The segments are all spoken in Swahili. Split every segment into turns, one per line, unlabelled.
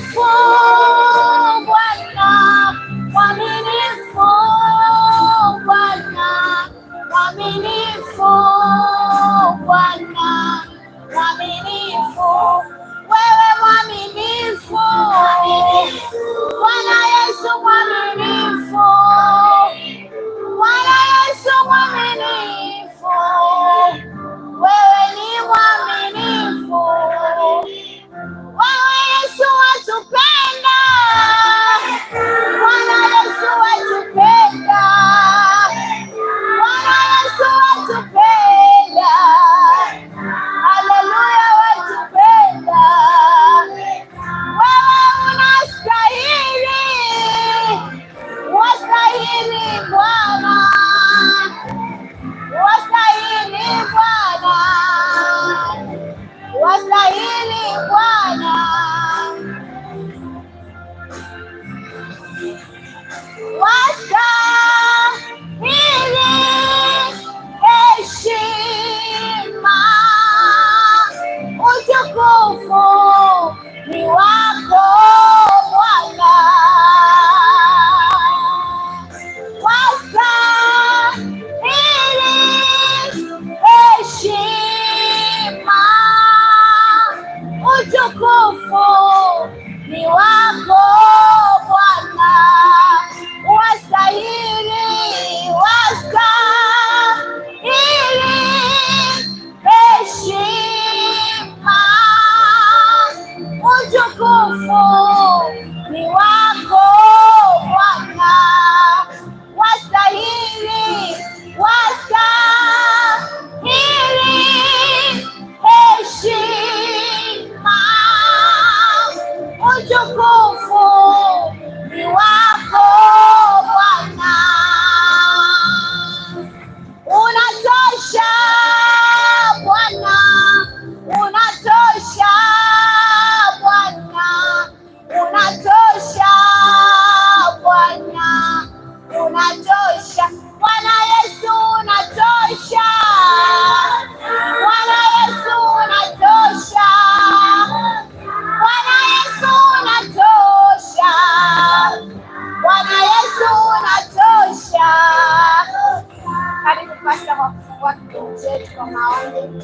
风。জয়
concerto com a ordem O Senhor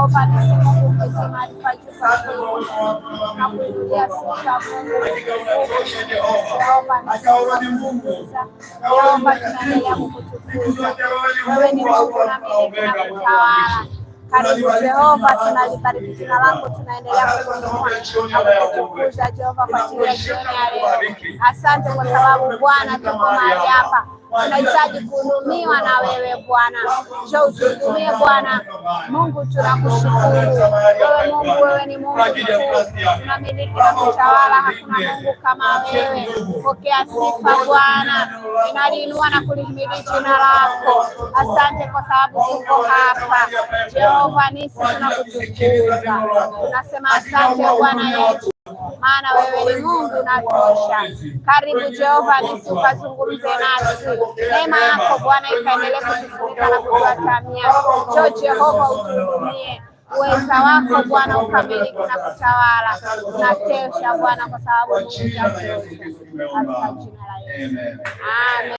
apareceu como foi chamado para que o Senhor na polícia se salvou. Jeová, Karibu Jehova, tunalibariki jina lako, tunaendelea kukutukuza Jehova kwa ajili ya jioni ya leo. Asante kwa sababu Bwana tuko mahali hapa Tunahitaji kuhudumiwa na wewe Bwana, njoo utuhudumie Bwana Mungu, tunakushukuru wewe Mungu. Wewe ni Mungu tunamiliki na kutawala, hakuna Mungu kama wewe. Pokea sifa Bwana, inaliinua na kulihimidi jina lako. Asante kwa sababu tuko hapa Jehova nisi, tunakutukuza tunasema asante Bwana yetu maana wewe ni Mungu unatosha. Karibu Jehova nisi ukazungumze nasi, neema yako Bwana ikaendelee kutufunika na kutuatamia. Njoo Jehova utuhudumie uweza wako Bwana ukamiliki na kutawala. Unatosha Bwana, kwa sababu Mungu unatosha, katika jina la Yesu amen.